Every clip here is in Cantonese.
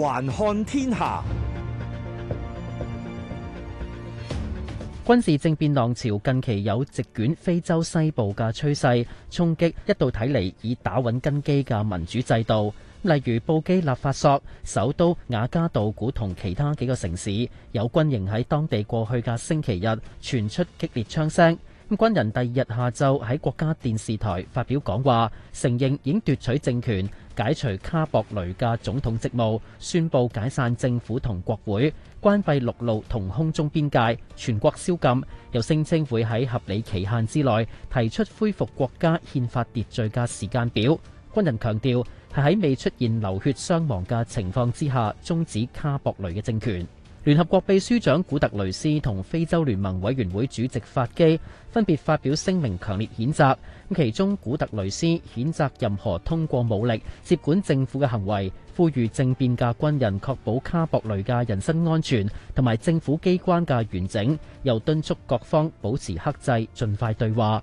環看天下，軍事政變浪潮近期有席捲非洲西部嘅趨勢，衝擊一度睇嚟已打穩根基嘅民主制度。例如布基納法索首都瓦加杜古同其他幾個城市，有軍營喺當地過去嘅星期日傳出激烈槍聲。軍人第二日下晝喺國家電視台發表講話，承認已經奪取政權，解除卡博雷嘅總統職務，宣布解散政府同國會，關閉陸路同空中邊界，全國宵禁。又聲稱會喺合理期限之內提出恢復國家憲法秩序嘅時間表。軍人強調係喺未出現流血傷亡嘅情況之下終止卡博雷嘅政權。聯合國秘書長古特雷斯同非洲聯盟委員會主席法基分別發表聲明，強烈譴責。其中，古特雷斯譴責任何通過武力接管政府嘅行為，呼籲政變嘅軍人確保卡博雷嘅人身安全同埋政府機關嘅完整，又敦促各方保持克制，盡快對話。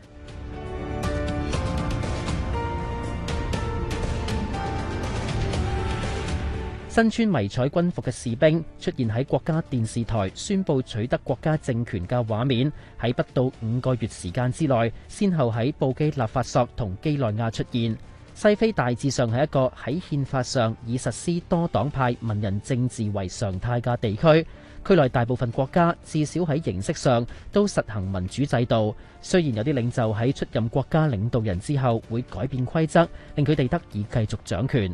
身穿迷彩軍服嘅士兵出現喺國家電視台宣佈取得國家政權嘅畫面，喺不到五個月時間之內，先後喺布基納法索同幾內亞出現。西非大致上係一個喺憲法上以實施多黨派文人政治為常態嘅地區，區內大部分國家至少喺形式上都實行民主制度。雖然有啲領袖喺出任國家領導人之後會改變規則，令佢哋得以繼續掌權。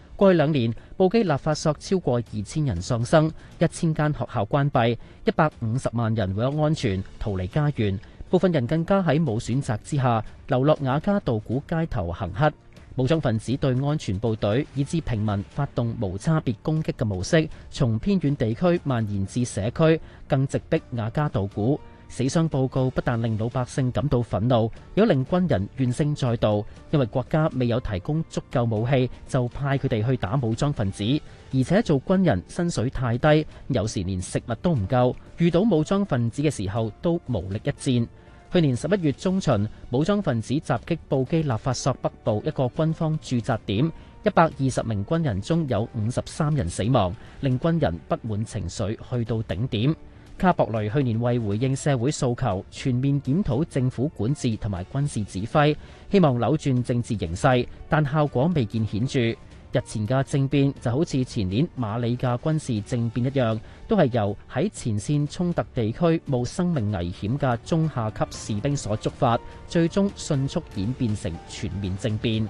過去兩年，布基納法索超過二千人喪生，一千間學校關閉，一百五十萬人為咗安全逃離家園，部分人更加喺冇選擇之下，流落瓦加杜古街頭行乞。武裝分子對安全部隊以至平民發動無差別攻擊嘅模式，從偏遠地區蔓延至社區，更直逼瓦加杜古。死傷報告不但令老百姓感到憤怒，又令軍人怨聲載道，因為國家未有提供足夠武器，就派佢哋去打武裝分子，而且做軍人薪水太低，有時連食物都唔夠，遇到武裝分子嘅時候都無力一戰。去年十一月中旬，武裝分子襲擊布基納法索北部一個軍方駐紮點，一百二十名軍人中有五十三人死亡，令軍人不滿情緒去到頂點。卡博雷去年為回應社會訴求，全面檢討政府管治同埋軍事指揮，希望扭轉政治形勢，但效果未見顯著。日前嘅政變就好似前年馬里嘅軍事政變一樣，都係由喺前綫衝突地區冇生命危險嘅中下級士兵所觸發，最終迅速演變成全面政變。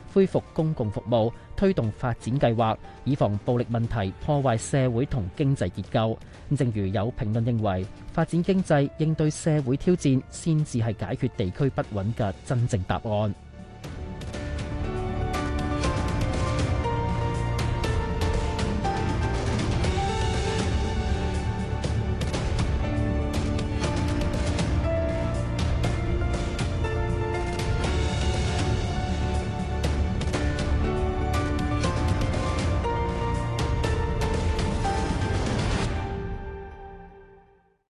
恢復公共服務，推動發展計劃，以防暴力問題破壞社會同經濟結構。咁正如有評論認為，發展經濟應對社會挑戰，先至係解決地區不穩嘅真正答案。